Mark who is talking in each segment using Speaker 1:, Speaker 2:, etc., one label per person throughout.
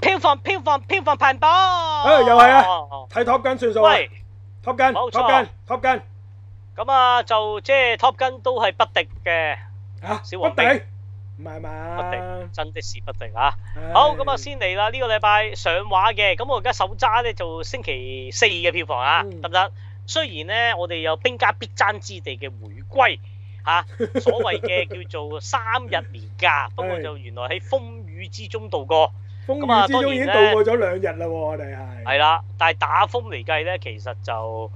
Speaker 1: 票房票房票房排行榜，誒又係啊，
Speaker 2: 睇 Top Gun 算數啊，Top Gun，冇錯，Top Gun，
Speaker 1: 咁啊就即係 Top Gun 都係不敵嘅，吓，小黃兵，唔係嘛，不敵，真的是不敵啊，好，咁啊先嚟啦，呢個禮拜上畫嘅，咁我而家手揸咧，就星期四嘅票房啊，得唔得？雖然咧我哋有兵家必爭之地嘅回歸，吓，所謂嘅叫做三日連假，不過就原來喺風雨之中度過。
Speaker 2: 咁啊，當然咧，已經度過咗兩日啦喎，
Speaker 1: 我哋係。係啦，但係打風嚟計咧，其實就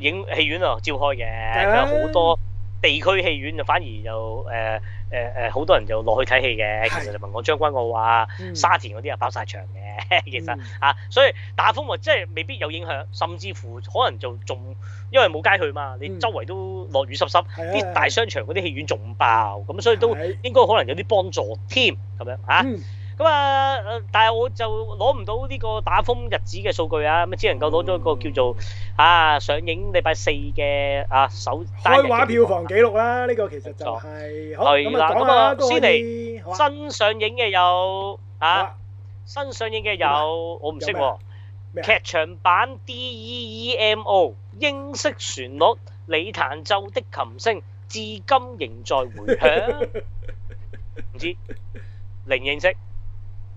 Speaker 1: 影戲院啊照開嘅，有好多地區戲院就反而就誒誒誒，好多人就落去睇戲嘅。其實，問我將軍澳啊，沙田嗰啲啊爆晒場嘅。其實啊，所以打風話即係未必有影響，甚至乎可能就仲因為冇街去嘛，你周圍都落雨濕濕，啲大商場嗰啲戲院仲爆，咁所以都應該可能有啲幫助添咁樣嚇。咁啊，誒，但係我就攞唔到呢個打風日子嘅數據啊，咁啊，只能夠攞咗一個叫做啊上映禮拜四嘅啊首開畫票房記錄啦，呢個其實就係好咁啊，講啊，先嚟新上映嘅有啊，新上映嘅有我唔識喎，劇場版 DEEMO 英式旋律，你彈奏的琴聲至今仍在迴響，唔知零認識。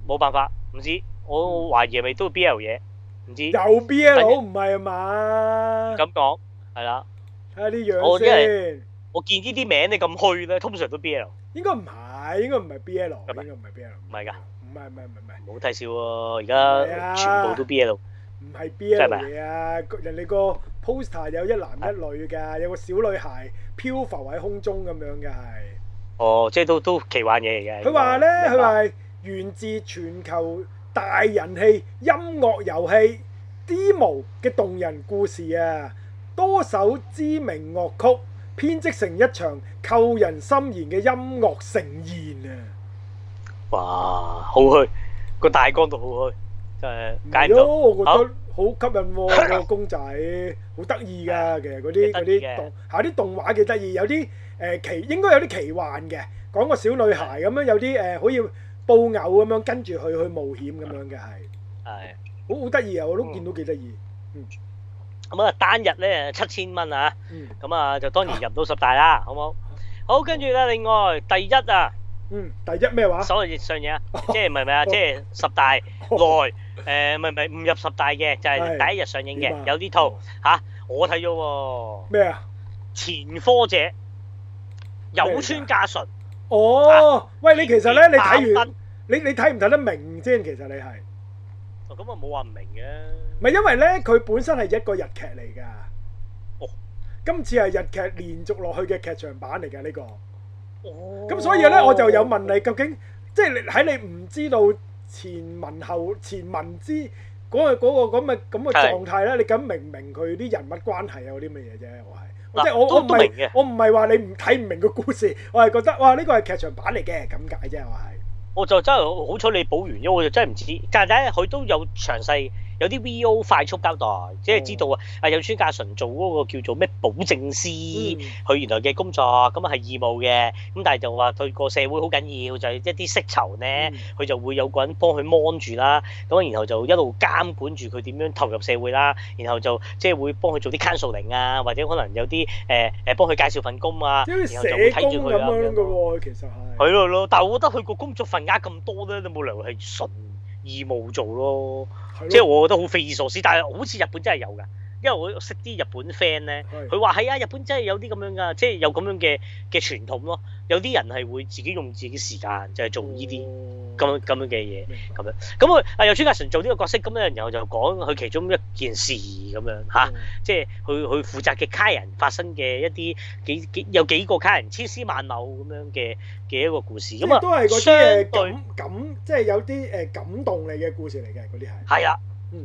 Speaker 1: 冇辦法，唔知我懷疑係咪都 B L 嘢，唔知有 B L 唔
Speaker 2: 係啊嘛？
Speaker 1: 咁講係啦，睇
Speaker 2: 下呢樣先。
Speaker 1: 我見呢啲名你咁去咧，通常都 B L。應
Speaker 2: 該唔係，應該唔係 B L。唔係唔係 B L，唔係
Speaker 1: 噶。唔係唔係唔係，唔好睇笑喎。而家全部都 B L。唔
Speaker 2: 係 B L 係咪啊！人哋個 poster 有一男一女嘅，有個小女孩漂浮喺空中咁樣嘅係。
Speaker 1: 哦，即係都都奇幻嘢嚟嘅。佢話咧，佢
Speaker 2: 話。源自全球大人氣音樂遊戲《Deemo》嘅動人故事啊，多首知名樂曲編織成一場扣人心弦嘅音樂盛宴啊！
Speaker 1: 哇，好虛個大光度好虛，就係如果我覺得、啊、
Speaker 2: 好吸引喎、喔那個公仔， 好得意噶。其實嗰啲啲動下啲動畫幾得意，有啲誒、呃、奇應該有啲奇幻嘅，講個小女孩咁樣的有啲誒可以。布偶咁樣跟住去去冒險咁樣嘅係，係，好好得意啊！我都見到幾得意，
Speaker 1: 嗯，咁啊單日咧七千蚊啊，嗯，咁啊就當然入到十大啦，好唔好？好，跟住咧另外第一啊，嗯，第一咩話？所謂嘅上映，啊，即係唔係咩啊？即係十大內誒，唔係唔係唔入十大嘅就係第一日上映嘅有啲套吓，我睇咗喎。咩啊？前科者，有村架純。
Speaker 2: 哦，喂！你其實咧，你睇完，你你睇唔睇得明先？其實你係，
Speaker 1: 哦咁啊冇話唔明嘅。
Speaker 2: 唔係因為咧，佢本身係一個日劇嚟㗎。哦。今次係日劇連續落去嘅劇場版嚟嘅呢個。哦。咁所以咧，哦、我就有問你，哦、究竟即係你喺你唔知道前文後前文之嗰個嗰個咁嘅咁嘅狀態咧，的你咁明唔明佢啲人物關係有啲乜嘢啫？即係我都我唔係我唔係話你唔睇唔明個故事，我係覺得哇呢個係劇場版嚟嘅咁解啫，就是、我係。
Speaker 1: 我就真係好彩你補完咗，我就真係唔知，但係呢佢都有詳細。有啲 VO 快速交代，即係知道啊！啊，有專家純做嗰個叫做咩保證師，佢、嗯、原來嘅工作咁啊係義務嘅，咁但係就話對個社會好緊要，就係、是、一啲釋囚咧，佢、嗯、就會有個人幫佢 mon 住啦，咁然後就一路監管住佢點樣投入社會啦，然後就即係會幫佢做啲 counseling 啊，或者可能有啲誒誒幫佢介紹份工啊，係社工，然後就會睇住佢咁樣嘅，其實係係咯，但係我覺得佢個工作份額咁多咧，你冇理由係純。義務做咯，是的 即係我覺得好匪夷所思，但係好似日本真係有㗎。因為我識啲日本 friend 咧，佢話係啊，日本真係有啲咁樣噶，即係有咁樣嘅嘅傳統咯。有啲人係會自己用自己時間，就係做呢啲咁樣咁樣嘅嘢咁樣。咁佢阿 Johnathan 做呢個角色，咁咧然後就講佢其中一件事咁樣嚇，即係佢佢負責嘅卡人發生嘅一啲幾幾有幾個卡人千絲萬縷咁樣嘅嘅一個故事。咁啊，都係嗰啲
Speaker 2: 誒感即係有啲誒感
Speaker 1: 動嚟嘅故事嚟嘅嗰啲係。係啦，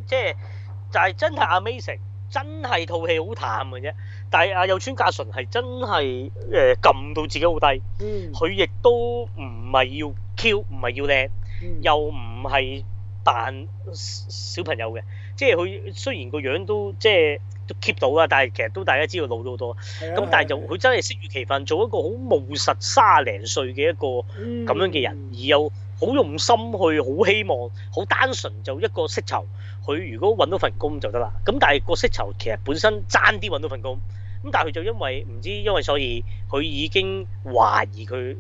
Speaker 1: 即係就係真係 amazing。真係套戲好淡嘅啫，但係阿有村架純係真係誒撳到自己好低，佢亦、嗯、都唔係要 Q，唔係要靚，嗯、又唔係扮小朋友嘅，即係佢雖然個樣都即係都 keep 到啦，但係其實都大家知道老咗好多。咁、啊、但係就佢、啊啊、真係適如其分，做一個好務實三十零歲嘅一個咁樣嘅人，而有、嗯。嗯好用心去，好希望，好單純就一個釋囚，佢如果揾到份工就得啦。咁但係個釋囚其實本身爭啲揾到份工，咁但係佢就因為唔知因為所以，佢已經懷疑佢，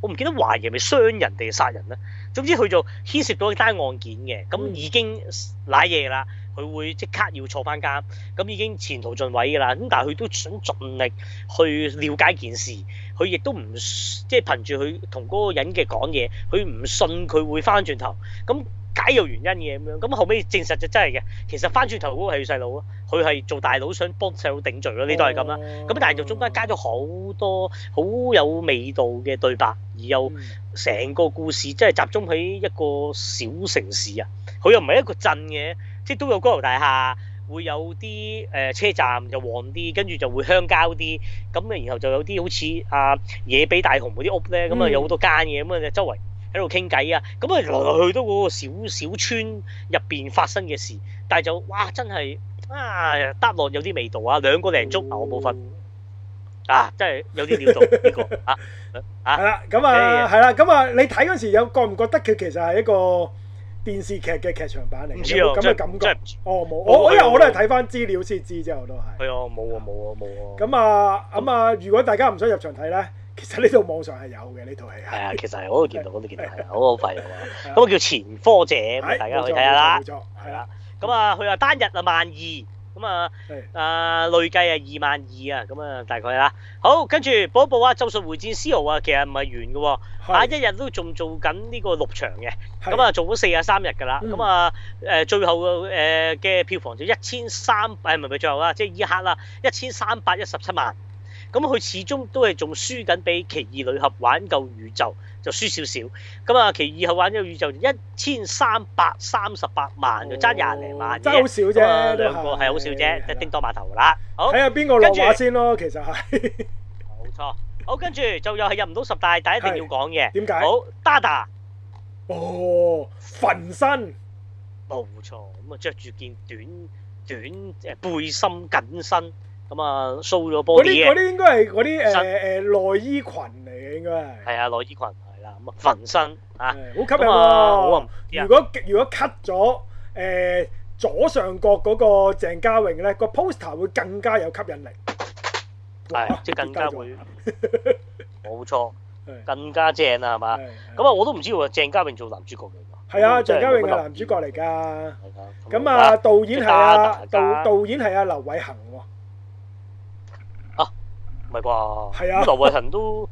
Speaker 1: 我唔記得懷疑係咪傷人定係殺人呢？總之佢就牽涉到一單案件嘅，咁已經瀨嘢啦。嗯佢會即刻要坐翻監，咁已經前途盡毀㗎啦。咁但係佢都想盡力去了解件事，佢亦都唔即係憑住佢同嗰個人嘅講嘢，佢唔信佢會翻轉頭。咁解有原因嘅咁樣，咁後尾證實就真係嘅。其實翻轉頭嗰個係細佬咯，佢係做大佬想幫細佬頂罪咯。呢都係咁啦。咁但係就中間加咗好多好有味道嘅對白，而又成個故事即係集中喺一個小城市啊。佢又唔係一個鎮嘅。即都有高樓大廈，會有啲誒、呃、車站就旺啲，跟住就會鄉郊啲，咁啊，然後就有啲好似啊野比大雄啲屋咧，咁啊有好多間嘢咁啊，周圍喺度傾偈啊，咁啊來來去都嗰個小小村入邊發生嘅事，但係就哇真係啊搭落有啲味道啊，兩個零鐘啊我冇瞓啊，真係有啲料到呢個啊啊係啦，咁啊係
Speaker 2: 啦，咁啊你睇嗰時有覺唔覺得佢其實係一個 電視劇嘅劇場版嚟，唔知喎咁嘅感覺。哦，冇，我因為我都係睇翻資料先知啫，我都係。係
Speaker 1: 啊，冇啊，冇啊，冇啊。
Speaker 2: 咁啊咁啊，如果大家唔想入場睇咧，其
Speaker 1: 實呢套網上係有嘅呢套戲。係啊，其實係可以見到嗰啲嘅，好好廢啊嘛。咁叫前科者，大家去睇下啦。冇錯，係啦。咁啊，佢話單日啊萬二。咁啊，誒是、呃、累計啊二萬二啊，咁啊大概啦。好，跟住補一補啊，《周術回戰》C.O. 啊，其實唔係完嘅喎、啊，啊一日都仲做緊呢個六場嘅，咁啊做咗四啊三日㗎啦，咁啊誒最後嘅嘅、呃、票房就一千三誒，唔咪最後啊，即係以刻啦，一千三百一十七萬。咁佢始終都係仲輸緊俾《奇異女俠》挽救宇宙。就輸少少，咁啊，其二號玩咗宇宙一千三百三十八萬，就爭廿零萬真係好少啫，兩個係好少啫，就叮多碼頭啦。好睇下邊個落畫先咯，其實係，冇錯。好，跟住就又係入唔到十大，但一定要講嘅。點解？好，Dada。
Speaker 2: 哦，焚身。
Speaker 1: 冇錯，咁啊着住件短短誒背心緊身，咁啊 show 咗波。嗰啲嗰啲應該
Speaker 2: 係嗰啲誒誒內衣裙嚟嘅，應該
Speaker 1: 係。係啊，內衣裙。焚身啊，好吸引啊！如
Speaker 2: 果如果 cut 咗誒左上角嗰個鄭嘉穎咧，個 poster 會更加有吸引力，
Speaker 1: 係即係更加會，冇錯，更加正啦，係嘛？咁啊，我都唔知話鄭嘉穎做男主角嚟喎，係啊，鄭嘉穎係男
Speaker 2: 主角嚟噶，咁啊，導演係阿導導演係阿劉
Speaker 1: 偉恒喎，啊，唔係啩？係啊，劉偉恒都。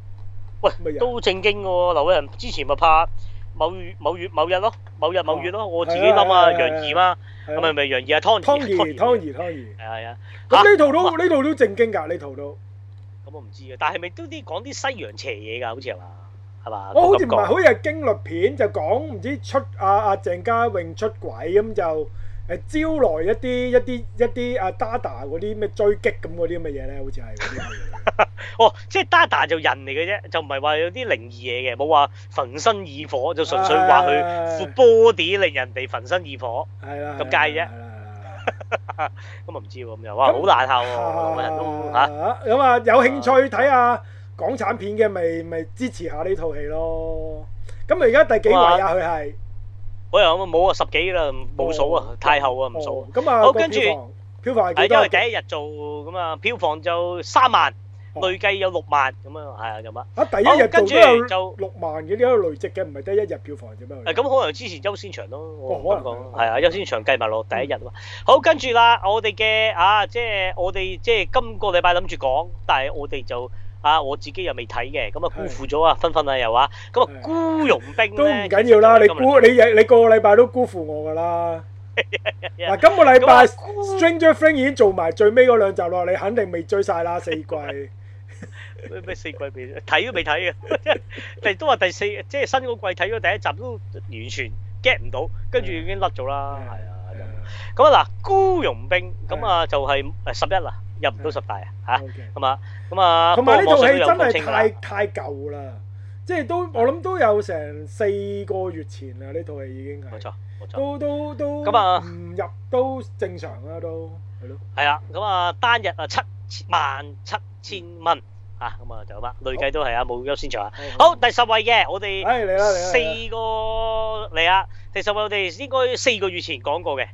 Speaker 1: 喂，都正經嘅喎，劉偉仁之前咪拍某月某月某日咯，某日某月咯，我自己諗啊，楊怡嘛，咁係咪咪楊怡阿湯怡，湯怡湯怡湯怡，
Speaker 2: 係啊，咁呢套都呢套都正經㗎，呢套都，
Speaker 1: 咁我唔知啊，但係咪都啲講啲西洋邪嘢㗎，好似係嘛，係嘛？我好似唔係，好似係
Speaker 2: 驚慄片，就講唔知出阿阿鄭嘉穎出軌咁就。誒招來一啲一啲一啲啊 Dada 嗰啲咩追擊咁嗰啲咁嘅嘢咧，好似係哦，
Speaker 1: 即係 Dada 就人嚟嘅啫，就唔係話有啲靈異嘢嘅，冇話焚身以火，就純粹話佢 full body 令人哋焚身以火，係啦咁解啫。咁啊唔知喎，咁又哇好大套喎，嚇，
Speaker 2: 咁啊有興趣睇下港產片嘅咪咪支持下呢套戲咯。咁而家第幾位啊佢係？
Speaker 1: 我又冇啊，十幾啦，冇數啊，太后啊，唔數。咁啊，好跟住，
Speaker 2: 票房係因為第
Speaker 1: 一日做咁啊，票房就三萬，累計有六萬咁啊，係啊，有乜？啊，第一日跟住就六萬嘅呢個累積
Speaker 2: 嘅，唔係得一日票
Speaker 1: 房啫嘛。誒，咁可能之前優先場咯，哦，可能係啊，優先場計埋落第一日啊嘛。好跟住啦，我哋嘅啊，即係我哋即係今個禮拜諗住講，但係我哋就。啊！我自己又未睇嘅，咁啊辜負咗啊，分分又啊，咁啊孤傭兵都唔緊要啦，你孤你
Speaker 2: 你個個禮拜都辜負我噶啦。
Speaker 1: 嗱，今個禮拜《
Speaker 2: Stranger Things》已經做埋最尾嗰兩集啦，你肯定未追晒啦，四季。咩
Speaker 1: 咩四季未？睇都未睇嘅，第都話第四即係新嗰季睇咗第一集都完全 get 唔到，跟住已經甩咗啦。係啊，咁啊嗱，孤傭兵咁啊就係誒十一啦。入唔到十大啊吓，咁啊，咁啊，同埋呢套戲真係太太
Speaker 2: 舊啦，即係都我諗都有成四個月前啦，呢套戲已經冇錯，冇錯，都都都咁啊，唔入都正常啦，都
Speaker 1: 係咯。係啊，咁啊，單日啊七萬七千蚊啊，咁啊就咁啦，累計都係啊，冇優先場啊。好，第十位嘅我哋，係嚟啦，四個嚟啊，第十位我哋應該四個月前講過嘅，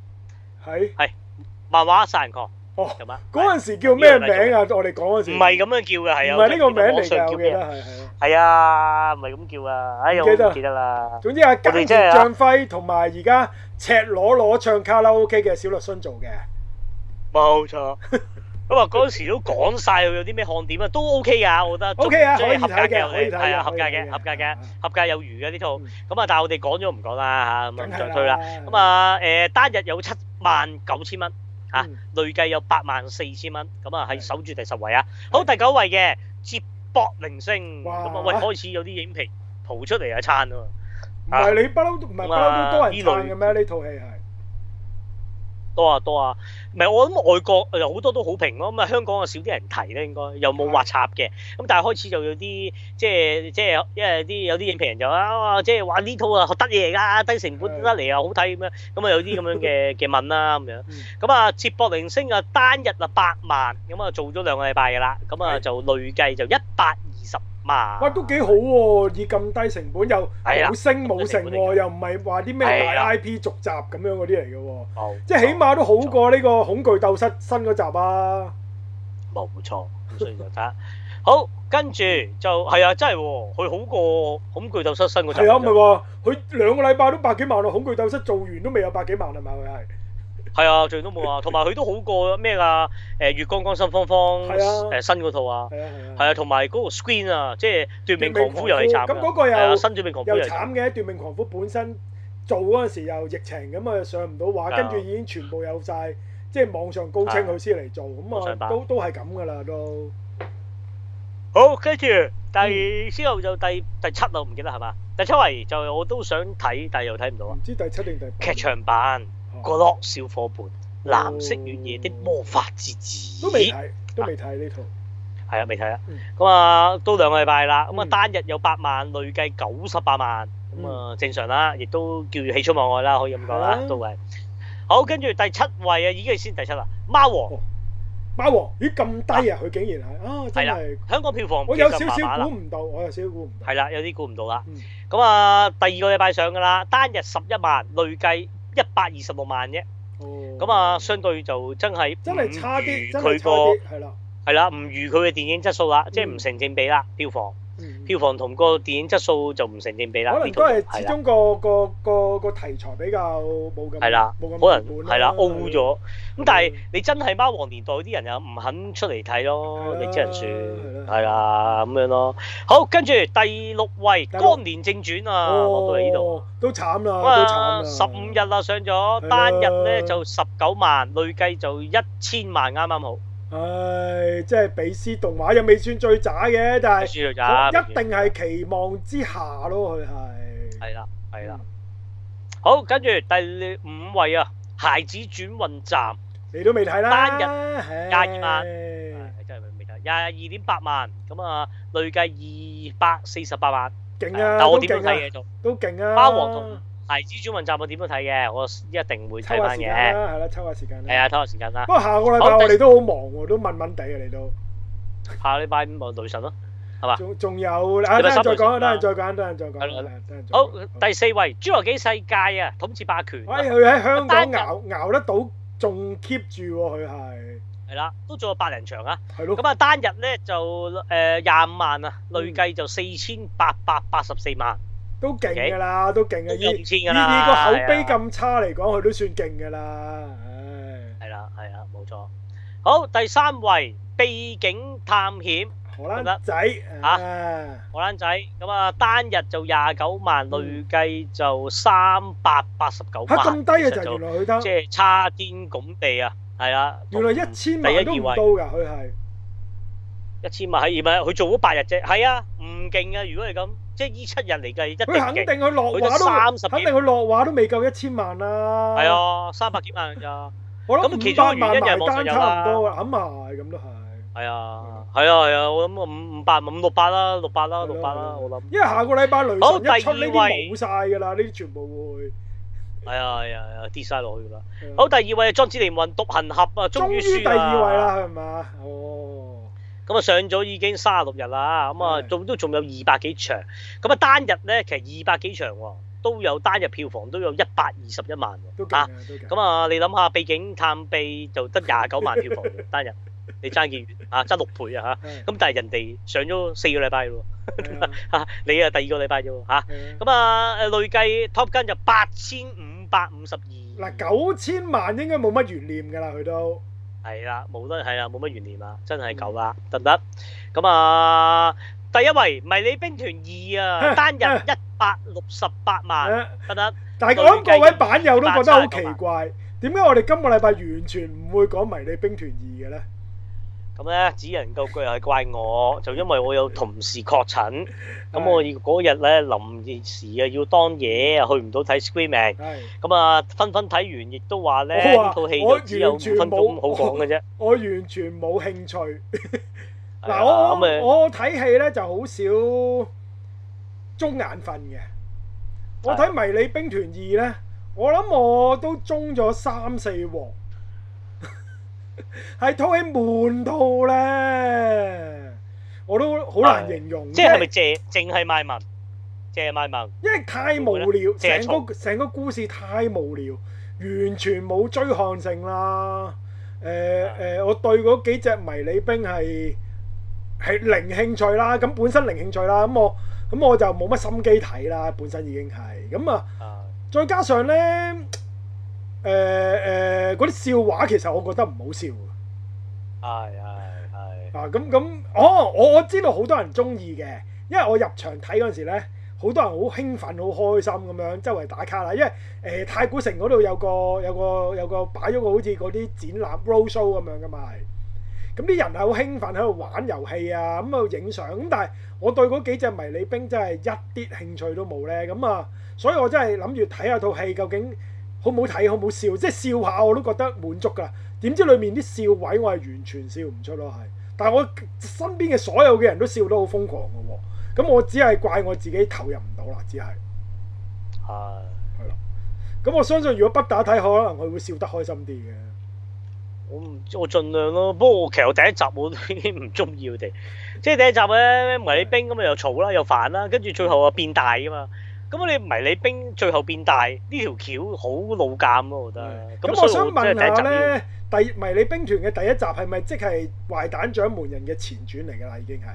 Speaker 1: 係係漫畫殺人狂。
Speaker 2: 哦，嗰陣時叫咩名啊？我哋講嗰時，唔係咁樣
Speaker 1: 叫噶，係啊，唔係呢個名嚟噶，我記得係係啊，唔係咁叫啊，哎呀，我記得啦。總之啊，賈元璋輝同埋
Speaker 2: 而家赤裸裸唱卡拉 OK 嘅小律迅，做嘅，
Speaker 1: 冇錯。咁啊，嗰陣時都講晒佢有啲咩看點啊，都 OK 噶，我覺得 OK 啊，可以睇嘅，係啊，合格嘅，合格嘅，合格有餘嘅呢套。咁啊，但係我哋講咗唔講啦吓，咁啊唔再推啦。咁啊，誒，單日有七萬九千蚊。吓、啊，累計有八萬四千蚊，咁啊係守住第十位啊。的好，第九位嘅接駁零星，咁哇啊喂，開始有啲影評曝出嚟哇、啊、一餐喎。唔係你
Speaker 2: 不嬲都唔係不嬲都多人讚嘅咩？呢套、啊、部戲係。
Speaker 1: 多啊多啊，唔係我諗外國有好多都好評咯，咁啊香港啊少啲人提咧應該，又冇話插嘅，咁但係開始就有啲即係即係，因為啲有啲影評人就啊即係話呢套學得啊得嘢嚟㗎，低成本得嚟又、啊、好睇咁樣，咁啊有啲咁樣嘅嘅問啦咁樣，咁啊接駁明星啊單日啊百萬，咁啊做咗兩個禮拜㗎啦，咁啊就累計就一百二十。哇，
Speaker 2: 都幾好喎！以咁低成本又冇升冇成喎，又唔係話啲咩大 IP 續集咁樣嗰啲嚟嘅喎，即係起碼都好過呢個《恐懼鬥室》新嗰集啊！
Speaker 1: 冇錯，咁所以就睇下好，跟住就係啊，真係佢好過《恐懼鬥室》新嗰集啊，唔係
Speaker 2: 喎，佢兩個禮拜都百幾萬啦，《恐懼鬥室》做完都未有百幾萬啊嘛，佢係。
Speaker 1: 係啊，最近都冇啊，同埋佢都好過咩啊？誒，月光光心慌慌，誒新嗰套啊，係啊，係啊，係啊，同埋嗰個 Scream 啊，即係斷命狂夫又係慘，咁嗰個又新斷命狂夫又慘
Speaker 2: 嘅，斷命狂夫本身做嗰陣時又疫情，咁啊上唔到畫，跟住已經全部有晒，即係網上高清佢先嚟做，
Speaker 1: 咁啊都都
Speaker 2: 係咁噶啦都。
Speaker 1: 好，跟住第之後就第第七啊，唔記得係嘛？第七位就我都想睇，但係又睇唔到啊。唔知第七定第劇場版。個咯，小伙伴，《藍色雨夜的魔法之子》都未睇，
Speaker 2: 都
Speaker 1: 未睇呢套，係啊，未睇啊。咁啊，都兩個禮拜啦。咁啊，單日有八萬，累計九十八萬。咁啊，正常啦，亦都叫喜出望外啦，可以咁講啦，都係。好，跟住第七位啊，已經係先第七啦，《貓王》。
Speaker 2: 貓王，咦咁低啊？佢竟然係啊！真係
Speaker 1: 香港票房，我有少少估唔到，我有少少估唔到。係啦，有啲估唔到啦。咁啊，第二個禮拜上㗎啦，單日十一萬，累計。一百二十六萬啫，咁、嗯、啊，相對就真係真係差啲，佢個真係差啲，係啦，係啦，唔如佢嘅電影質素啦，嗯、即係唔成正比啦，票房。票房同個電影質素就唔成正比啦。可能都係始終
Speaker 2: 個個個個題材比較冇咁，係啦，冇咁可能係啦，O 咗。
Speaker 1: 咁但係你真係貓王年代嗰啲人又唔肯出嚟睇咯，你只能算係啦咁樣咯。好，跟住第六位《光年正傳》啊，落到嚟呢度，都慘啦，都慘。十五日啦，上咗單日咧就十九萬，累計就一千萬，啱啱好。
Speaker 2: 唉、哎，即係《比斯》動畫又未算最渣嘅，但係一定係期望之下咯，佢係
Speaker 1: 係啦，係啦，嗯、好，跟住第五位啊，《孩子轉運站》你都未睇啦，單日廿二萬，的真係未睇廿二點八萬，咁啊累計二百四十八萬，勁啊，的但我點睇嘢做，都勁啊，《貓、啊、王》同。係蜘蛛問集我點樣睇嘅，我一定會睇翻。嘅抽下時間啦，係啦，抽下時間。係啊，抽下時間啦。不過下個禮拜我哋都
Speaker 2: 好忙，都掹掹地啊，你都。
Speaker 1: 下禮拜五雷神咯，係嘛？仲仲有啦，等陣再講，等陣再
Speaker 2: 講，等陣
Speaker 1: 再講。好，第四位，侏羅紀世界啊，統治霸權。喂，佢
Speaker 2: 喺香港熬熬得到，仲 keep 住喎，佢係。
Speaker 1: 係啦，都做咗百零場啊。係咯。咁啊，單日咧，就誒廿五萬啊，累計就四千八百八十四萬。
Speaker 2: 都勁噶啦，都勁嘅，二二個口碑咁差嚟講，佢都算勁噶啦。
Speaker 1: 係啦，係啦，冇錯。好，第三位，秘境探險荷蘭仔，嚇荷蘭仔，咁啊單日就廿九萬，累計就三百八十九萬。嚇，咁低嘅就原來佢得，即係差天共地啊！係啊，原來一千萬都唔到㗎，佢係一千萬係二位，佢做咗八日啫，係啊，唔勁啊，如果你咁。即係依七人嚟計，一定佢肯定佢落畫都三十幾，肯定佢落畫都未夠一千萬啦。係 啊，三百幾萬咋我也？我諗五百萬間差唔多，揞埋。咁都係。係啊，係啊，係啊！我諗五五百五六百啦，六百啦，六百啦，我
Speaker 2: 諗。啊、六因為下個禮拜雷神一出，呢啲冇晒㗎啦，呢啲
Speaker 1: 全，全部會。係啊係啊，跌晒落去㗎啦！好，第二位壯志凌雲獨行俠啊，終於輸終於第二位
Speaker 2: 啦，係咪啊？Oh，
Speaker 1: 咁啊，上咗已經三十六日啦，咁啊，都都仲有二百幾場，咁啊，單日咧其實二百幾場喎，都有單日票房都有一百二十一萬喎，咁啊，嗯、你諗下，背景探秘就得廿九萬票房 單日，你爭幾遠啊？爭六倍啊嚇，咁 但係人哋上咗四個禮拜喎，啊 你啊第二個禮拜啫喎，嚇，咁啊，誒、啊嗯、累計 Top Gun 就八千五百五十二，
Speaker 2: 嗱九千萬應該冇乜懸念㗎啦，佢都。
Speaker 1: 係啦，冇得係啦，冇乜懸念啦，真係夠啦，得唔得？咁、嗯、啊，第一位迷你兵團二啊，單人一百六十八萬，得唔得？但係我諗各位版友都覺得好奇
Speaker 2: 怪，點解我哋今個禮拜完全唔會講迷你兵團二嘅咧？呢
Speaker 1: 咁咧，只能夠句又係怪我，就因為我有同事確診，咁我要嗰日咧，臨時啊，要當嘢，又去唔到睇 Screening。係。咁啊，分分睇完，亦都話咧，套戲只有五分鐘咁好講嘅啫。
Speaker 2: 我完全冇興趣。
Speaker 1: 嗱，我我
Speaker 2: 睇戲咧就好少瞌眼瞓嘅。我睇迷你兵團二咧，我諗我都瞌咗三四鑊。係拖 起悶套咧，我都好難形容。即係咪
Speaker 1: 借淨係賣萌，借賣萌？因為太無聊，成個成個故事太
Speaker 2: 無聊，完全冇追看性啦。誒誒，我對嗰幾隻迷你兵係係零興趣啦。咁本身零興趣啦，咁我咁我就冇乜心機睇啦。本身已經係咁啊，再加上咧。誒誒，嗰啲、呃呃、笑話其實我覺得唔好笑嘅。係係、哎哎哎、啊咁咁，哦，我我知道好多人中意嘅，因為我入場睇嗰陣時咧，好多人好興奮、好開心咁樣，周圍打卡啦。因為誒、呃、太古城嗰度有個有個有個擺咗個，個，個好似嗰啲展覽 roadshow 咁樣嘅嘛係。咁、嗯、啲人係好興奮喺度玩遊戲啊，咁啊影相。咁但係我對嗰幾隻迷你兵真係一啲興趣都冇咧。咁、嗯、啊，所以我真係諗住睇下套戲究竟。好唔好睇？好唔好笑？即係笑下我都覺得滿足噶。點知裡面啲笑位我係完全笑唔出咯，係。但係我身邊嘅所有嘅人都笑得好瘋狂嘅喎。咁我只係怪我自己投入唔到啦，只係。係、啊。係咯。咁我相信如果不打睇，可能佢會笑得開心啲嘅。
Speaker 1: 我唔，我盡量咯。不過其實我第一集我已經唔中意佢哋。即係第一集咧，迷你兵咁是的 又嘈啦，又煩啦，跟住最後又變大噶嘛。咁你迷你兵最後變大呢條橋好老尷咯，我覺得條條、啊。咁、嗯嗯、我想問下咧，
Speaker 2: 第迷你兵團嘅第一集係咪即係壞蛋掌門人嘅前傳嚟噶啦？已經係。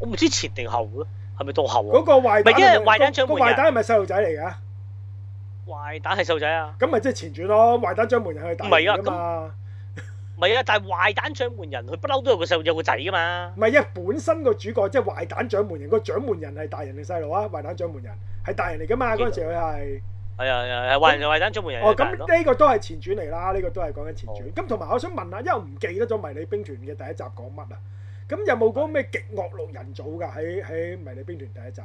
Speaker 1: 我唔知前定後咯，係咪到後、啊？嗰個壞咪即係壞蛋掌門人？壞蛋係
Speaker 2: 咪細路仔嚟噶？
Speaker 1: 壞蛋係細路仔啊！
Speaker 2: 咁咪即係前傳咯，壞蛋掌門人係大嘅嘛、啊？
Speaker 1: 唔係啊，但係壞蛋掌門人，佢不嬲都有個細路有個仔噶嘛。
Speaker 2: 唔係啊，本身個主角即係壞蛋掌門人，個掌門人係大人定細路啊？壞蛋掌門人係大人嚟噶嘛？嗰陣時佢係
Speaker 1: 係啊，壞壞蛋掌門人。哦，咁呢
Speaker 2: 個都係前傳嚟啦，呢個都係講緊前傳。咁同埋我想問下，因為我唔記得咗迷你兵團嘅第一集講乜啊？咁有冇講咩極惡六人組噶？喺喺迷你兵團第一集係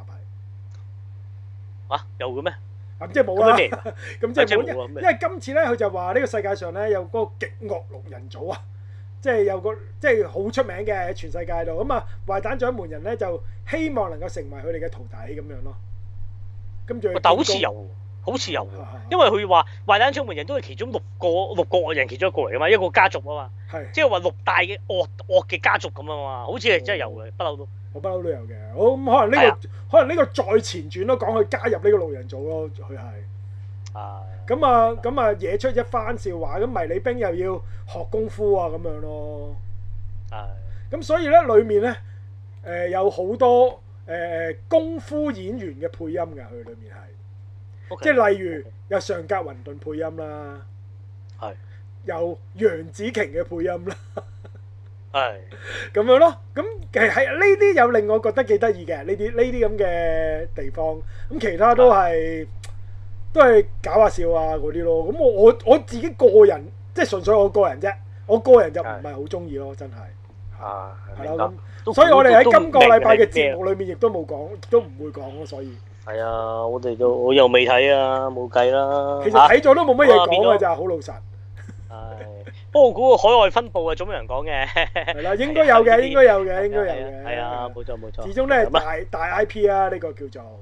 Speaker 1: 啊，有嘅咩？咁即係冇啦，
Speaker 2: 咁即係因為今次咧，佢就話呢個世界上咧有個極惡六人組啊，即係有個即係好出名嘅喺全世界度，咁啊壞蛋掌門人咧就希望能夠成為佢哋嘅徒弟咁樣咯，咁仲有。
Speaker 1: 好似有，因為佢話壞蛋獎門人都係其中六個六個惡人其中一個嚟噶嘛，一個家族啊嘛，即係話六大嘅惡惡嘅家族咁啊嘛，好似係真係有嘅，不嬲、哦、都我不嬲都有
Speaker 2: 嘅。好咁、嗯，可能呢、這個、啊、可能呢個再前傳咯，講佢加入呢個六人組咯，佢係啊咁啊咁啊，惹出一番笑話。咁迷你兵又要學功夫啊咁樣咯。係咁、啊，所以咧裡面咧誒、呃、有好多誒、呃、功夫演員嘅配音嘅，佢裡面係。即係、okay, 例如有上格雲頓配音啦，係、okay, okay. 有楊紫瓊嘅配音啦，係咁樣咯。咁其係呢啲有令我覺得幾得意嘅呢啲呢啲咁嘅地方。咁其他都係、啊、都係搞下笑啊嗰啲咯。咁我我我自己個人即係純粹我個人啫，我個人就唔係好中意咯，真係。啊，係啦咁，所以我哋喺今個禮拜嘅節目裏面亦都冇講，都唔會講咯，所以。
Speaker 1: 係啊，我哋都我又未睇啊，冇計啦。其實睇咗都冇乜嘢講嘅咋，好老實。係，不過我估個海外分佈啊，總有人講嘅。係啦，應該有嘅，應該有
Speaker 2: 嘅，應該有嘅。係啊，冇
Speaker 1: 錯冇錯。始終都係
Speaker 2: 大大 IP 啊，呢個叫做。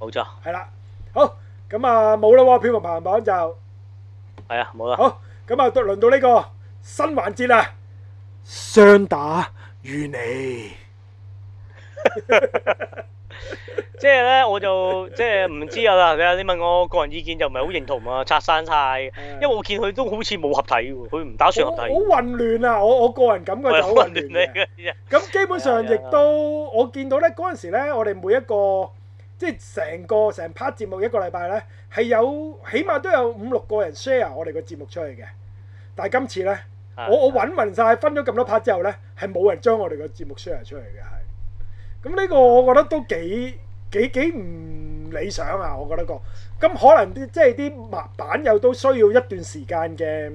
Speaker 1: 冇錯。
Speaker 2: 係啦，好咁啊，冇啦，票房排行榜就係啊，冇啦。好，咁啊，輪到呢個新環節啦，雙打與
Speaker 1: 你。即係咧，我就即係唔知啊啦，你你問我個人意見就唔係好認同啊，拆散晒，因為我見佢都好似冇合體嘅，佢唔打算合體，好
Speaker 2: 混亂啊！我我個人感覺就好混亂嚟
Speaker 1: 嘅。
Speaker 2: 咁基本上亦都我見到咧，嗰陣時咧，我哋每一個即係成個成 part 節目一個禮拜咧，係有起碼都有五六個人 share 我哋個節目出嚟嘅。但係今次咧，我我搵勻晒，分咗咁多 part 之後咧，係冇人將我哋個節目 share 出嚟嘅係。咁呢個我覺得都幾幾幾唔理想啊！我覺得個咁可能啲即係啲板友都需要一段時間嘅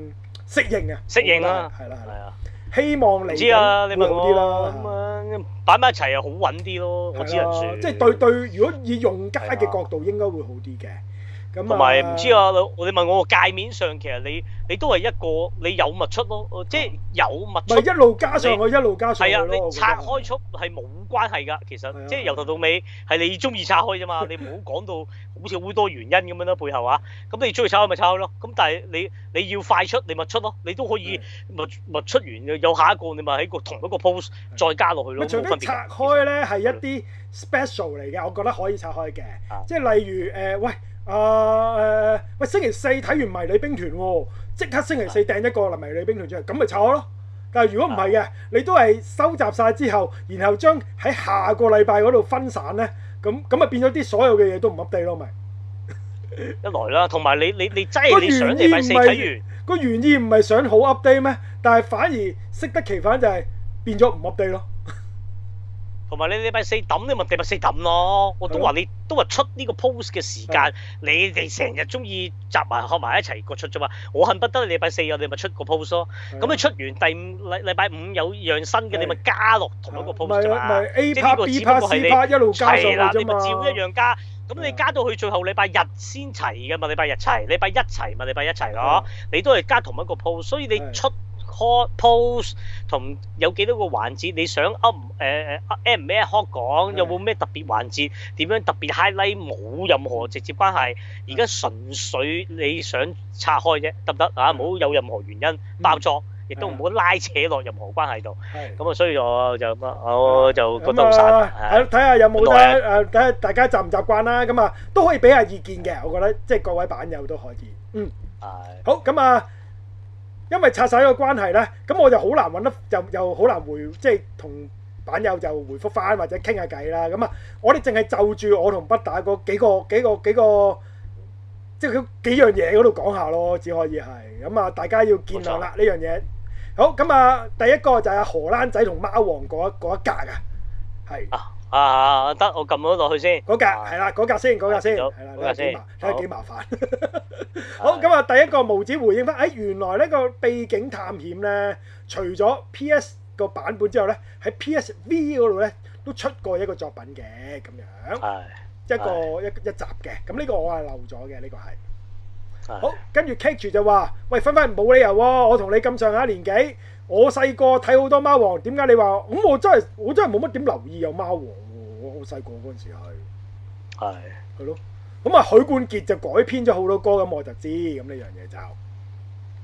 Speaker 1: 適應啊，適應啦，係啦係啦，希望你知啊，你好啲啦，咁樣擺埋一齊又好穩啲咯，我只能說，即係
Speaker 2: 對對，如果以用家嘅角度應該會好啲嘅。
Speaker 1: 同埋唔知啊，你問我界面上其實你你都係一個你有物出咯，即係有物出。咪一
Speaker 2: 路加上我一路加上佢咯。係啊，你拆
Speaker 1: 開出係冇關係㗎，其實即係由頭到尾係你中意拆開啫嘛，你唔好講到好似好多原因咁樣啦背後啊。咁你中意拆開咪拆開咯。咁但係你你要快出你咪出咯，你都可以物物出完有下一個你咪喺個同一個 post 再加落去咯。咪除非拆
Speaker 2: 開咧係一啲 special 嚟嘅，我覺得可以拆開嘅，即係例如誒喂。啊，誒喂，星期四睇完迷你兵團喎，即刻星期四訂一個《迷你兵團》出嚟，咁咪炒咯。但係如果唔係嘅，你都係收集晒之後，然後將喺下個禮拜嗰度分散咧，咁咁咪變咗啲所有嘅嘢都唔 update 咯，咪
Speaker 1: 一來啦。同埋你你你擠你想你咪四集完，
Speaker 2: 個原意唔係想好 update 咩？但係反而適得其反，就係變咗唔 update 咯。
Speaker 1: 同埋你禮拜四揼，你咪禮拜四揼咯。我都話你都話出呢個 post 嘅時間，你哋成日中意集埋合埋一齊個出啫嘛。我恨不得你禮拜四呀，你咪出個 post 咯。咁你出完第五禮禮拜五有樣新嘅，你咪加落同一個 post 啫嘛。唔係唔係 A part 一路加上啫嘛。你咪照一樣加。咁你加到去最後禮拜日先齊嘅嘛？禮拜日齊，禮拜一齊嘛？禮拜一齊咯。你都係加同一個 post，所以你出。Call pose 同有幾多個環節？你想 up 誒誒 a d 咩 hot 講？有冇咩特別環節？點樣特別 highlight 冇任何直接關係。而家純粹你想拆開啫，得唔得啊？唔好有任何原因包裝，亦都唔好拉扯落任何關係度。咁啊、嗯，嗯、所以我就、嗯、我就覺得好散。係睇下有冇得
Speaker 2: 睇下大家習唔習慣啦、啊。咁啊，都可以俾下意見嘅。我覺得即係各位版友都可以。
Speaker 1: 嗯，
Speaker 2: 好咁啊。嗯因為拆晒呢個關係咧，咁我就好難揾得，又又好難回，即係同版友就回覆返或者傾下偈啦。咁啊，我哋淨係就住我同不打嗰幾個幾個幾個，即係佢幾樣嘢嗰度講下咯，只可以係咁啊！大家要見諒啦，呢樣嘢好咁啊！第一個就係荷蘭仔同貓王嗰一格啊，
Speaker 1: 係。啊，得，我撳咗落去先。嗰格係啦，嗰格先，嗰、啊、格先，係啦，嗰格先，睇下幾麻煩。
Speaker 2: 好，咁啊 好，的第一個毛子回應翻，哎，原來個秘呢個秘境探險咧，除咗 PS 個版本之後咧，喺 PSV 嗰度咧都出過一個作品嘅，咁
Speaker 1: 樣，的的一個的
Speaker 2: 一一集嘅。咁、這、呢個我係漏咗嘅，呢、這個係。的好，跟住 keep 住就話，喂，分分冇理由喎，我同你咁上下年紀。我細個睇好多貓王，點解你話咁、嗯？我真係我真係冇乜點留意有貓王嘅、啊。我好細個嗰陣時係係係咯。咁啊的，許、嗯、冠傑就改編咗好多歌咁，我就知咁呢樣嘢就係。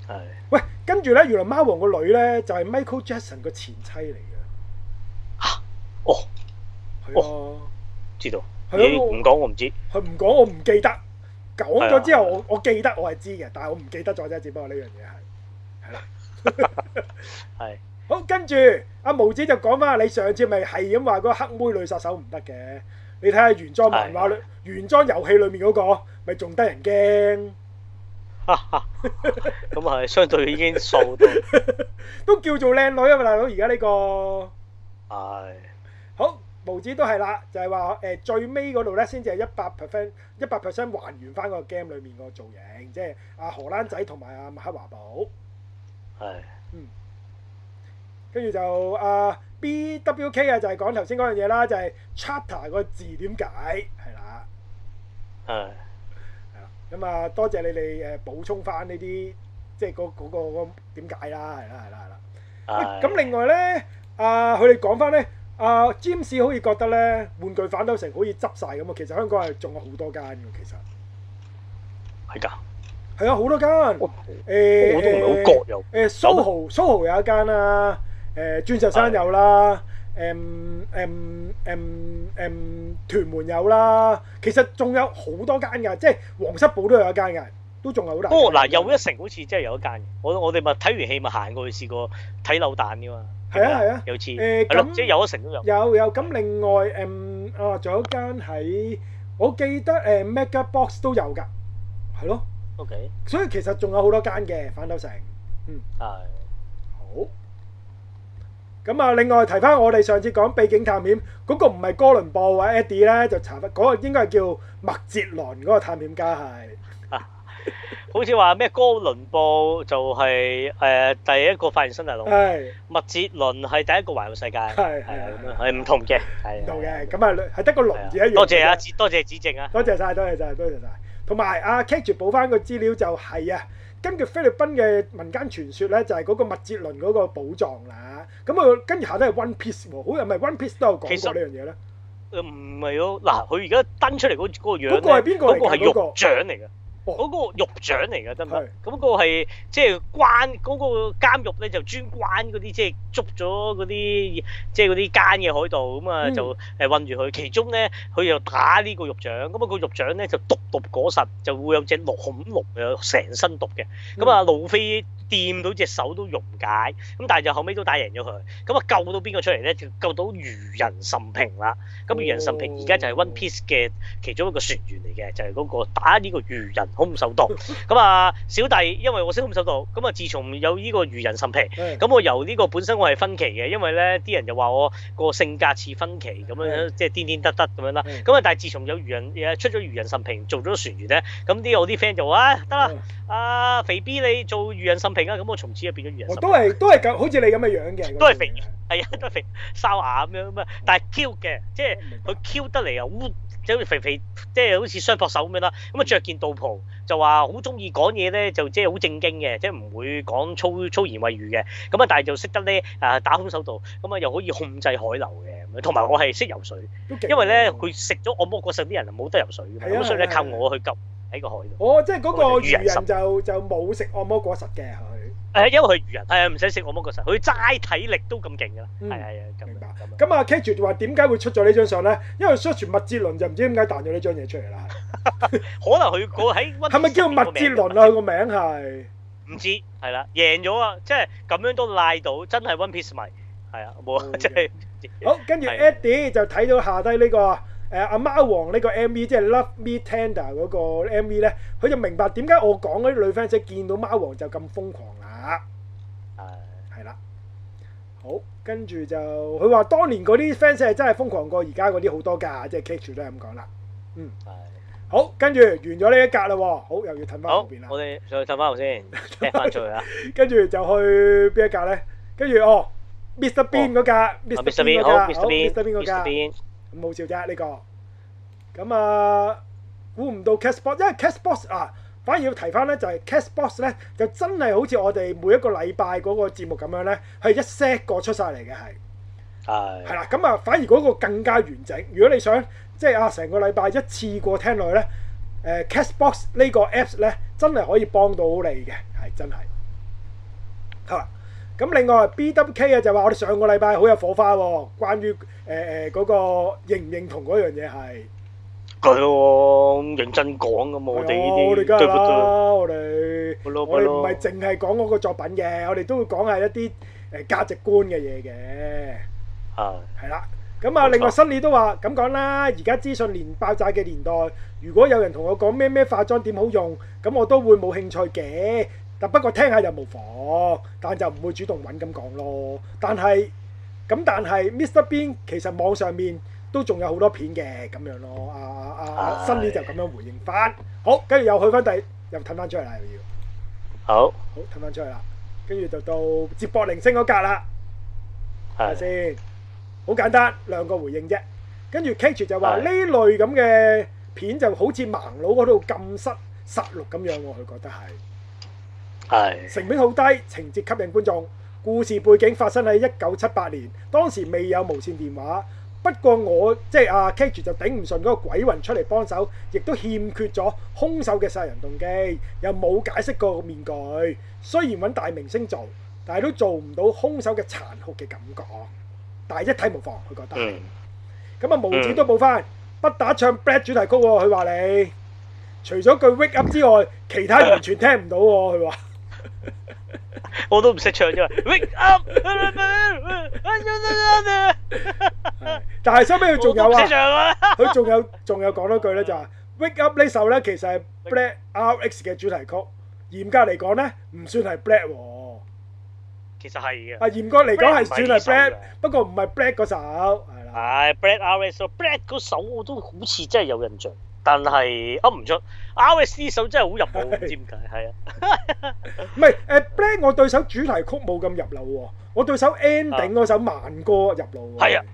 Speaker 2: 的喂，跟住咧，原來貓王個女咧就係、是、Michael Jackson 個前妻嚟嘅。
Speaker 1: 啊哦，係啊的、哦，知道佢唔講我唔知，
Speaker 2: 佢唔講我唔記得。講咗之後我的我記得我係知嘅，但係我唔記得咗啫。只不過呢樣嘢係。這係好，跟住阿毛子就講翻，你上次咪係咁話嗰黑妹女殺手唔得嘅，你睇下原裝漫畫裏、原裝遊戲裏面嗰個咪仲得人驚，
Speaker 1: 咁係相對已經數到，
Speaker 2: 都叫做靚女啊，大佬！而家呢個係好毛子都係啦，就係話誒最尾嗰度咧，先至係一百 percent，一百 percent 還原翻嗰個 game 裏面個造型，即係阿荷蘭仔同埋阿麥克華寶。係，嗯，跟住就阿 BWK 啊，就係講頭先嗰樣嘢啦，就係 chatter 個字點解係啦，係，係啦，咁啊，多謝你哋誒補充翻呢啲，即係嗰嗰個點解啦，係啦，係啦，係啦，咁另外咧，阿佢哋講翻咧，阿 James 好似覺得咧，玩具反斗城好似執晒咁啊，其實香港係仲有好多間嘅，其實係噶。係啊，好多間誒誒，我都唔係好覺，誒蘇豪蘇豪有一間啦，誒鑽石山有啦，誒誒誒誒屯門有啦。其實仲有好多間㗎，即係皇室堡都有一間㗎，都仲係好大。哦，
Speaker 1: 嗱，又一城好似真係有一間。我我哋咪睇完戲咪行過去試過睇扭蛋㗎嘛。係啊係啊，有次誒咁即係又一城都有。
Speaker 2: 有有咁另外誒啊，仲有一間喺我記得誒 Mega Box 都有㗎，係咯。OK，所以其實仲有好多間嘅反斗城，嗯，
Speaker 1: 係好。
Speaker 2: 咁啊，另外提翻我哋上次講秘境探險嗰個唔係哥倫布或者 Eddie 咧，就查翻嗰個應該係叫麥哲倫嗰個探險家係。
Speaker 1: 啊，好似話咩？哥倫布就係誒第一個發現新大陸，係麥哲倫係第一個環遊世界，係係咁樣係唔同嘅，係唔同嘅。咁
Speaker 2: 啊，係得個龍字一樣。多
Speaker 1: 謝啊，多謝指正啊，
Speaker 2: 多謝曬，多謝曬，多謝曬。同埋阿 catch 住補翻個資料就係啊，根據菲律賓嘅民間傳說咧，就係、是、嗰個麥哲倫嗰個寶藏啦。咁、嗯、啊，跟住下都係 One Piece 喎，好啊，唔係 One Piece 都有講過呢樣嘢咧。
Speaker 1: 誒唔係咯，嗱佢而家登出嚟嗰嗰個樣咧，嗰個係邊個嚟嘅？嗰個係玉像嚟嘅。嗰個獄長嚟㗎，真係？咁嗰個係即係關嗰個監獄咧，就專關嗰啲即係捉咗嗰啲即係嗰啲奸嘅海盜，咁啊就誒困住佢。其中咧，佢又打呢個獄長，咁啊個獄長咧就毒毒果實，就會有隻綠恐龍，又成身毒嘅。咁啊，路飛。掂到隻手都溶解，咁但係就後尾都打贏咗佢，咁啊救到邊個出嚟咧？救就救到魚人甚平啦。
Speaker 2: 咁魚人甚平
Speaker 1: 而家就係 One Piece 嘅其中一個船員嚟嘅，就係、是、嗰個打呢個魚人空手道。咁啊、 嗯、小弟因為我識空手道，咁啊自從有呢個魚人甚平，咁我由呢個本身我係分歧嘅，因為咧啲人就話我個性格似分歧咁樣，即係癲癲得得咁樣啦。咁啊但係自從有魚人出咗魚人甚平，做咗船員咧，咁啲有啲 friend 就話啊得啦，啊，啊肥 B 你做魚人甚。平啊！咁我從此就變咗樣。都係
Speaker 2: 都係好似你咁嘅
Speaker 1: 樣嘅。都係肥，係啊、嗯，都係肥哨牙咁樣啊。但係 Q 嘅，即係佢 Q 得嚟又好，即係肥肥，即係好似雙膊手咁樣啦。咁啊着件道袍，就話好中意講嘢咧，就即係好正經嘅，即係唔會講粗粗言穢語嘅。咁啊，但係就識得咧啊、呃、打空手道，咁啊又可以控制海流嘅，同埋我係識游水，啊、因為咧佢食咗我魔國上啲人冇得游水嘅，咁所以咧靠我去救的。喺個
Speaker 2: 海度。哦，即係嗰個魚人就就冇食按摩果實嘅佢。
Speaker 1: 誒，因為佢魚人，係啊，唔使食按摩果實，佢齋體力都咁勁噶啦。係係啊，明
Speaker 2: 白。咁啊，Catch 住話點解會出咗呢張相咧？因為 Search 麥哲倫就唔知點解彈咗呢張嘢出嚟啦。
Speaker 1: 可能佢個喺係
Speaker 2: 咪叫麥哲倫啊？佢個名係
Speaker 1: 唔知。係啦，贏咗啊！即係咁樣都賴到，真係 One Piece 迷。係啊，冇啊，即係好。跟住
Speaker 2: Eddie 就睇到下低呢個。誒，阿貓王呢個 MV 即係 Love Me Tender 嗰個 MV 咧，佢就明白點解我講嗰啲女 fans 見到貓王就咁瘋狂啦。誒，係啦。好，跟住就佢話，當年嗰啲 fans 係真係瘋狂過而家嗰啲好多㗎，即係 Catch 都係咁講啦。嗯，係。好，跟住完咗呢一格啦。好，又要褪翻後
Speaker 1: 邊啦。我哋上去褪翻後先，再做啦。
Speaker 2: 跟住就去邊一格咧？跟住哦，Mr Bean 嗰格，Mr Bean，好，Mr Bean 嗰格。
Speaker 1: 冇照啫呢個，
Speaker 2: 咁啊估唔到 Castbox，因為 Castbox 啊，反而要提翻咧，就係、是、Castbox 咧，就真係好似我哋每一個禮拜嗰個節目咁樣咧，係一 set 個出晒嚟嘅係，係係啦，咁啊是反而嗰個更加完整。如果你想即係、就是、啊，成個禮拜一次過聽落去咧，誒、呃、，Castbox 呢個 apps 咧，真係可以幫到你嘅，係真係，好咁另外 BWK 啊，就話我哋上個禮拜好有火花喎，關於誒誒嗰個認唔認同嗰樣
Speaker 1: 嘢係，係喎，咁認真講㗎嘛，我哋呢啲，我哋梗係啦，
Speaker 2: 我哋我哋唔係淨係講嗰個作品嘅，我哋都會講係一啲誒價值觀嘅嘢嘅，啊，係啦，
Speaker 1: 咁啊，另外辛
Speaker 2: 尼都話咁講啦，而家資訊連爆炸嘅年代，如果有人同我講咩咩化妝點好用，咁我都會冇興趣嘅。但不過聽下又無妨，但就唔會主動揾咁講咯。但係咁，但係 Mr. Bean 其實網上面都仲有好多片嘅咁樣咯。啊，啊，啊的，辛尼就咁樣回應翻，好跟住又去翻第又褪翻出嚟啦，又要好好褪翻出嚟啦。跟住就到接駁鈴聲嗰格啦，
Speaker 1: 係咪的
Speaker 2: 先？好簡單兩個回應啫。跟住 Kitch 就話呢的類咁嘅片就好似盲佬嗰度撳失失錄咁樣喎，佢覺得係。成本好低，情節吸引觀眾，故事背景發生喺一九七八年，當時未有無線電話。不過我即係、啊、阿 Kage 就頂唔順嗰個鬼魂出嚟幫手，亦都欠缺咗兇手嘅殺人動機，又冇解釋過個面具。雖然揾大明星做，但係都做唔到兇手嘅殘酷嘅感覺。但係一睇無妨，佢覺得。咁啊、嗯，無字都報翻，嗯、不打唱 Black 主題曲喎、哦。佢話你除咗句 Wake Up 之外，其他完
Speaker 1: 全聽唔到、啊。佢話。 我都唔識唱啫、 啊、 ，Wake Up，但係收尾佢仲有啊，
Speaker 2: 佢仲有仲有講多句咧，就話 Wake Up 呢首咧，其實係 Black RX 嘅主題曲。嚴格嚟講咧，唔算係 Black，
Speaker 1: 其實係啊。嚴格嚟講係算係 Black，
Speaker 2: 不，不過唔係 Black 嗰首。
Speaker 1: 係 Black RX Black 嗰首我都好似真係有印象。但係噏唔出，R S D 首真係好入腦，唔是知點解係啊？
Speaker 2: 唔係誒 b l a n k 我對首主題曲冇咁入腦喎，我對首 ending 嗰首慢歌入腦喎。
Speaker 1: 係啊，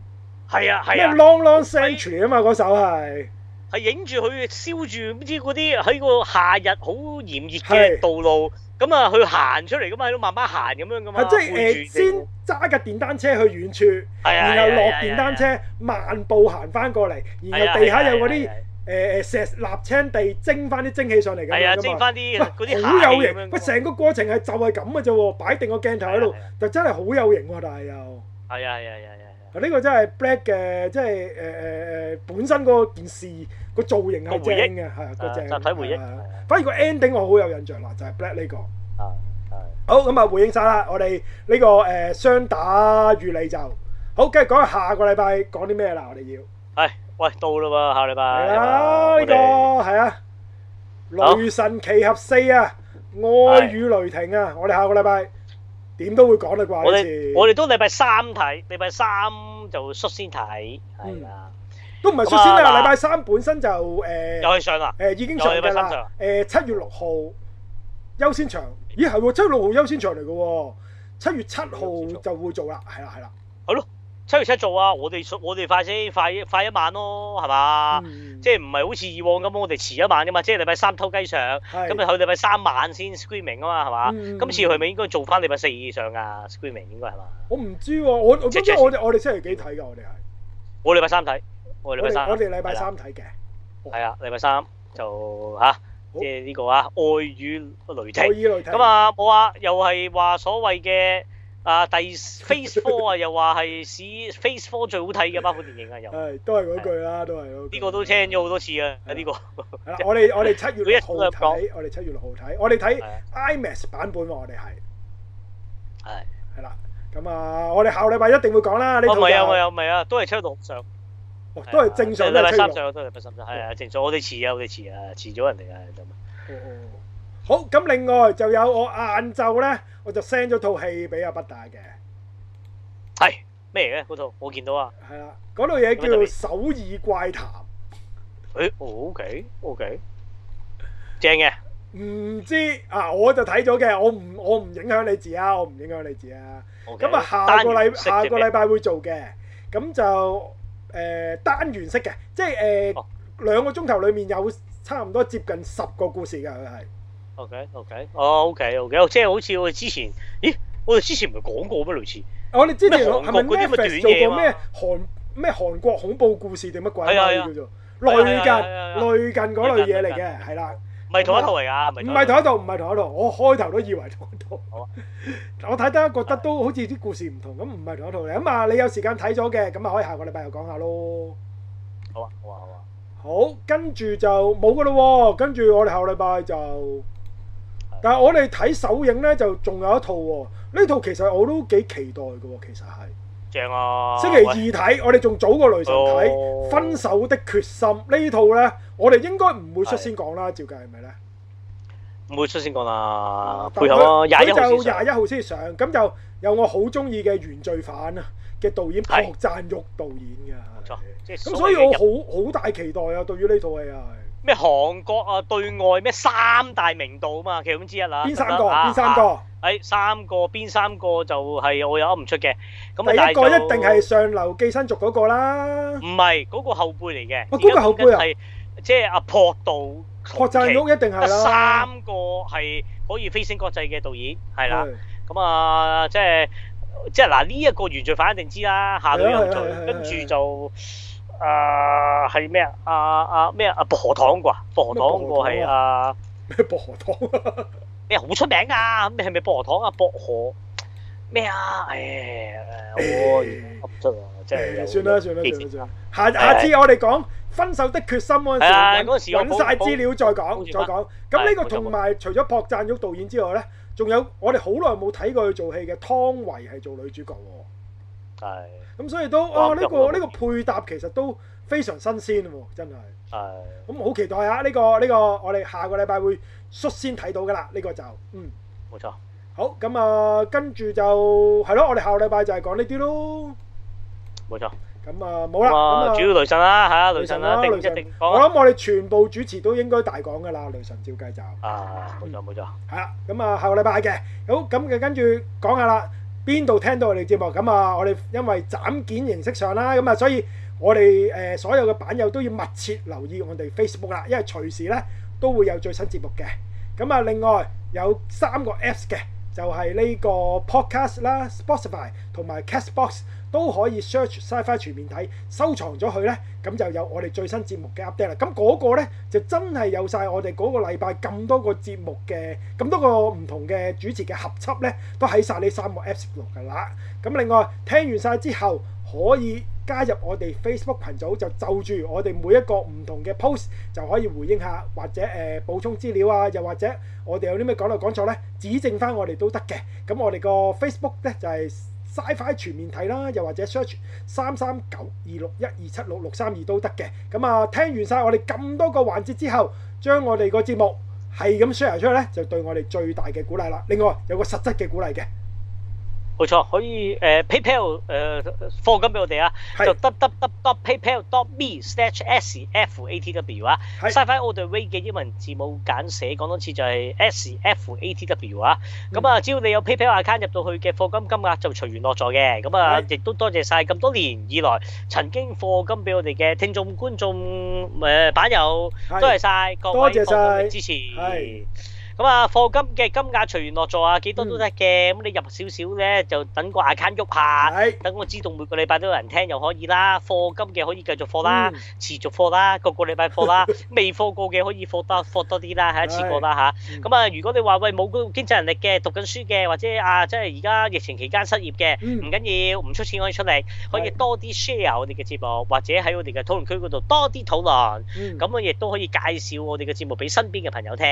Speaker 1: 係啊，係啊。咩
Speaker 2: long long century 啊嘛，嗰
Speaker 1: 首係係影住佢燒住唔知嗰啲喺個夏日好炎熱嘅道路，咁啊去行出嚟噶嘛，慢慢行咁樣噶嘛。即係誒，着 uh, 先揸
Speaker 2: 架電單車去遠處，啊、然後落電單車、啊啊、慢步行翻過嚟，
Speaker 1: 然後地下有嗰
Speaker 2: 啲。誒誒，石瀝青地蒸翻啲蒸汽上嚟嘅。係啊，蒸翻啲嗰啲好有型。不，成個過程係就係咁嘅啫，擺定個鏡頭喺度，就真係好有型。
Speaker 1: 但係又係啊係啊係啊係啊！
Speaker 2: 啊呢個真係 Black 嘅，即係誒誒誒，本身嗰件事個造型係正嘅。係啊，個正。睇回憶。反而個 ending 我好有印象啦，就係 Black 呢個。啊係。好咁啊，回應晒啦，我哋呢個誒雙打預禮就，好，繼續講下個禮拜講啲咩啦，我哋要係。
Speaker 1: 喂，到啦嘛，下個禮拜係啊，呢個係啊，《雷
Speaker 2: 神奇俠四》啊，《愛與雷霆》啊，我哋下個禮拜點都會講啦，啩，好似我哋
Speaker 1: 都禮拜三睇，禮拜三就率先睇，係
Speaker 2: 啊，都唔係率先啦，禮拜三本身就誒，又會上啦，誒已經上嘅啦，誒七月六號優先場，咦係七月六號優先場嚟嘅，七月七號就會做啦，
Speaker 1: 係啦係啦，好咯。七月七做啊！我哋我哋快先，快快一晚咯，係嘛？嗯、即係唔係好似以往咁，我哋遲一晚噶嘛？即係禮拜三偷雞上，咁你是 去禮拜三晚先 screaming 啊嘛，係嘛？嗯、今次佢咪應該做翻禮拜四以上啊 screaming 應該係嘛，啊？我
Speaker 2: 唔知喎，我咁我哋我哋星期幾睇噶？我哋係
Speaker 1: 我禮拜三睇，我禮拜三我哋禮拜三睇嘅，係啊，禮拜三就吓。即係呢個啊，愛與雷霆，咁啊冇啊，嗯、又係話所謂嘅。啊，第《Phase Four》啊，又話係史《Phase Four》最好睇嘅包括電影啊，又係
Speaker 2: 都係嗰句啦，都係
Speaker 1: 嗰。呢個都聽咗好多次啊！呢個我哋我哋七月六號睇，我哋七月六號睇，我哋睇
Speaker 2: IMAX 版本喎，我哋係係係啦。咁啊，我哋下個禮拜一定會講啦。呢我唔係啊，我又
Speaker 1: 唔係啊，都係七六上，都係正常。下個禮拜三上，都係禮拜三上係啊，正常。我哋遲啊，我哋遲啊，遲咗人哋啊，係。
Speaker 2: 好咁，另外就有我晏晝咧，我就 send 咗套戲俾阿不打嘅。
Speaker 1: 係咩嚟嘅？嗰套我見到啊。係啦，
Speaker 2: 嗰套嘢叫《首爾怪談》
Speaker 1: 欸。誒，O K，O K，正嘅。
Speaker 2: 唔知啊，我就睇咗嘅。我唔，我唔影響你字啊。我唔影響你字啊。咁啊，下個禮下個禮拜會做嘅。咁就誒、呃、單元式嘅，即係誒兩個鐘頭裏面有差唔多接近十個故事嘅，佢係。
Speaker 1: O K O K，哦 O K O K，即係好似我哋之前，咦？我哋之前唔係講過咩類似？我哋之前係咪做過咩
Speaker 2: 韓咩韓國恐怖故事定乜鬼啊？叫做類近類近嗰類嘢嚟嘅，係啦。
Speaker 1: 唔係同一套嚟噶，唔係同一套，
Speaker 2: 唔係同一套。我開頭都以為同一套。好啊。我睇得覺得都好似啲故事唔同，咁唔係同一套嚟。咁啊，你有時間睇咗嘅，咁啊可以下個禮拜又講下咯。好啊，好啊，好啊。好，跟住就冇噶咯。跟住我哋下個禮拜就。但係我哋睇首映呢，就仲有一套喎、啊。呢套其實我都幾期待嘅、啊，其
Speaker 1: 實係。正啊！星期二睇，喂我
Speaker 2: 哋仲早過女神睇《哦、分手的決心》呢套呢，我哋應該唔會率先講啦，照計係咪呢？
Speaker 1: 唔會率先講啦。配合佢就廿
Speaker 2: 一號先上，咁就，就有我好中意嘅《原罪犯》啊嘅導演朴贊的郁導演嘅。
Speaker 1: 咁所以我好
Speaker 2: 好大期待啊！對於呢套戲啊～
Speaker 1: 咩韓國啊，對外咩三大名導啊嘛，其中之一啦。邊三個？邊三個？誒三個，邊三個就係我有噏唔出嘅。第一個一定係
Speaker 2: 上流寄生族嗰個啦。唔係
Speaker 1: 嗰個後輩嚟嘅，我估個後輩啊。即係阿朴導，朴贊郁一定係啦。三個係可以飛升國際嘅導演，係啦。咁啊，即係即係嗱，呢一個原罪犯一定知啦，下流懲罪。跟住就。啊，係咩啊？啊啊咩啊？薄荷糖啩？薄荷糖嗰個係啊？咩薄荷糖？咩好出名啊？咩係咪薄荷糖啊？薄荷咩啊？誒
Speaker 2: 誒，我即係算啦算啦算啦，下下次我哋講分手的決心嗰陣時揾晒資料再講再講。咁呢個同埋除咗朴贊郁導演之外咧，仲有我哋好耐冇睇過佢做戲嘅湯唯係做女主角喎。係。咁所以都哦呢個呢個配搭其實都非常新鮮喎，真係。係。咁好期待啊！呢個呢個我哋下個禮拜會率先睇到噶啦，呢個就嗯。冇錯。好咁啊，跟住就係咯，我哋下個禮拜就係講呢啲咯。
Speaker 1: 冇錯。咁啊冇啦，咁啊主要雷神啦嚇，雷神啦一定一定。我諗我哋
Speaker 2: 全部主持都應該大講噶啦，雷神照計就。啊，冇錯冇錯。係啦，咁啊下個禮拜嘅，好咁就跟住講下啦。邊度聽到我哋節目？咁啊，我哋因為斬件形式上啦，咁啊，所以我哋誒、呃、所有嘅版友都要密切留意我哋 Facebook 啦，因為隨時咧都會有最新節目嘅。咁啊，另外有三個 Apps 嘅。就係呢個 Podcast 啦、Spotify 同埋 Castbox 都可以 search SciFi 全面睇，收藏咗佢咧，咁就有我哋最新節目嘅 update 啦。咁嗰個咧就真係有晒我哋嗰個禮拜咁多個節目嘅咁多個唔同嘅主持嘅合輯咧，都喺晒呢三個 Apps 度噶啦。咁另外聽完晒之後可以，加入我哋 Facebook 群組，就就住我哋每一個唔同嘅 post，就可以回應下或者誒、呃、補充資料啊，又或者我哋有啲咩講到講錯咧，指正翻我哋都得嘅。咁我哋個 Facebook 咧就係 SciFi 全面睇啦，又或者 search 三三九二六一二七六六三二都得嘅。咁啊，聽完晒我哋咁多個環節之後，將我哋個節目係咁 share 出去咧，就對我哋最大嘅鼓勵啦。另外有個實質嘅鼓勵嘅。
Speaker 1: 冇錯，可以誒 PayPal 誒貨金俾我哋啊，就 dot dot dot PayPal dot me slash s f a t w 啊，西番屋對威嘅英文字母簡寫講多次就係 s f a t w 啊，咁啊，只要你有 PayPal account 入到去嘅貨金金額就隨緣落座嘅，咁啊，亦都多謝曬咁多年以來曾經貨金俾我哋嘅聽眾觀眾誒版友，多謝曬各位朋友嘅支持。咁啊，課金嘅金額隨緣落座啊，幾多都得嘅。咁你入少少咧，就等個 account 喐下，等我知道每個禮拜都有人聽又可以啦。課金嘅可以繼續課啦，持續課啦，個個禮拜課啦。未課過嘅可以課多課多啲啦，係一次過啦嚇。咁啊，如果你話喂冇個經濟能力嘅，讀緊書嘅，或者啊，即係而家疫情期間失業嘅，唔緊要，唔出錢可以出力，可以多啲 share 我哋嘅節目，或者喺我哋嘅討論區嗰度多啲討論。咁我亦都可以介紹我哋嘅節目俾身邊嘅朋友聽，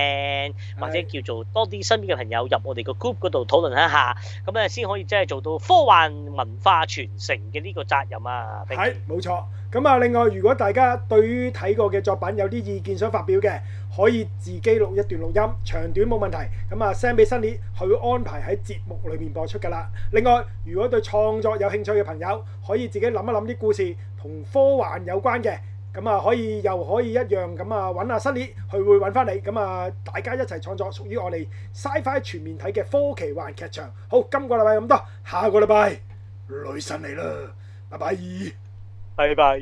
Speaker 1: 或者。叫做多啲身邊嘅朋友入我哋個 group 嗰度討論一下，咁啊先可以即係做到科幻文化傳承嘅呢個責任啊。係是，冇、啊、錯。
Speaker 2: 咁啊，另外如果大家對於睇過嘅作品有啲意見想發表嘅，可以自己錄一段錄音，長短冇問題。咁啊 send 俾 Sunny，佢會安排喺節目裏面播出噶啦。另外，如果對創作有興趣嘅朋友，可以自己諗一諗啲故事同科幻有關嘅。咁啊，可以又可以一樣，咁啊，揾阿 Sunny，佢會揾翻你，咁啊，大家一齊創作屬於，屬於我哋 SciFi 全面睇嘅科奇幻劇場。好，今個禮拜咁多，下個禮拜
Speaker 1: 女神嚟啦，
Speaker 2: 拜拜，
Speaker 1: 拜拜。